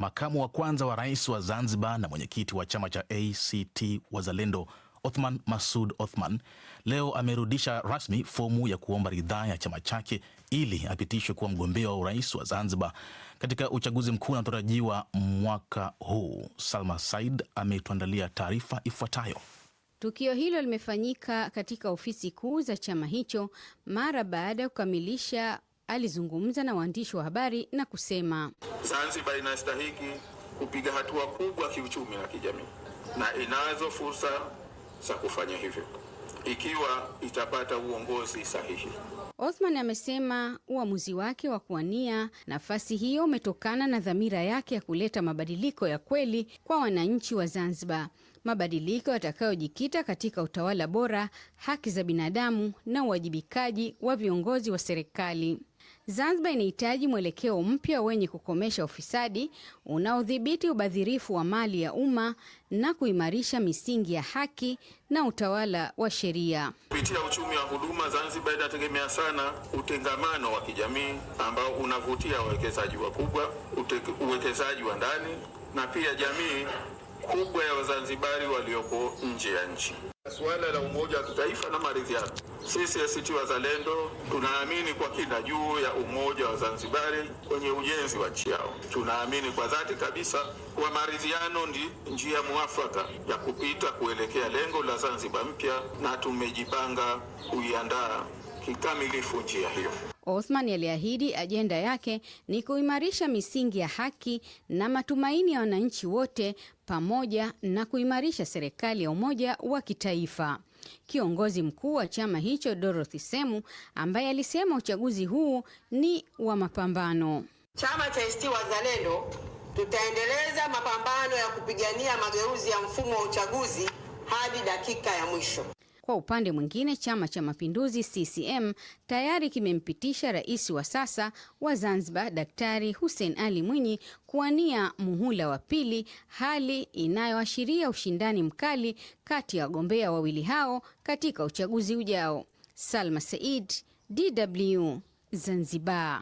Makamu wa kwanza wa rais wa Zanzibar na mwenyekiti wa chama cha ACT Wazalendo Othman Masud Othman leo amerudisha rasmi fomu ya kuomba ridhaa ya chama chake ili apitishwe kuwa mgombea wa urais wa Zanzibar katika uchaguzi mkuu unaotarajiwa mwaka huu. Salma Said ametuandalia taarifa ifuatayo. Tukio hilo limefanyika katika ofisi kuu za chama hicho mara baada ya kukamilisha alizungumza na waandishi wa habari na kusema, Zanzibar inastahiki kupiga hatua kubwa kiuchumi na kijamii na inazo fursa za kufanya hivyo ikiwa itapata uongozi sahihi. Othman amesema uamuzi wake wa kuwania nafasi hiyo umetokana na dhamira yake ya kuleta mabadiliko ya kweli kwa wananchi wa Zanzibar, mabadiliko yatakayojikita katika utawala bora, haki za binadamu na uwajibikaji wa viongozi wa serikali. Zanzibar inahitaji mwelekeo mpya wenye kukomesha ufisadi unaodhibiti ubadhirifu wa mali ya umma na kuimarisha misingi ya haki na utawala wa sheria. Kupitia uchumi wa huduma, Zanzibar inategemea sana utengamano wa kijamii ambao unavutia wawekezaji wakubwa, uwekezaji wa ndani na pia jamii kubwa ya Wazanzibari walioko nje ya nchi. Suala la umoja wa kitaifa na maridhiano, sisi ACT Wazalendo tunaamini kwa kina juu ya umoja wa Zanzibari kwenye ujenzi wa nchi yao. Tunaamini kwa dhati kabisa kuwa maridhiano ndi njia mwafaka ya kupita kuelekea lengo la Zanzibar mpya, na tumejipanga kuiandaa kikamilifu njia hiyo. Osman aliahidi ajenda yake ni kuimarisha misingi ya haki na matumaini ya wananchi wote pamoja na kuimarisha serikali ya umoja wa kitaifa. Kiongozi mkuu wa chama hicho Dorothy Semu ambaye alisema uchaguzi huu ni wa mapambano. Chama cha ACT Wazalendo tutaendeleza mapambano ya kupigania mageuzi ya mfumo wa uchaguzi hadi dakika ya mwisho. Kwa upande mwingine, Chama cha Mapinduzi CCM tayari kimempitisha rais wa sasa wa Zanzibar Daktari Hussein Ali Mwinyi kuwania muhula wa pili, hali inayoashiria ushindani mkali kati ya wagombea wawili hao katika uchaguzi ujao. Salma Said, DW, Zanzibar.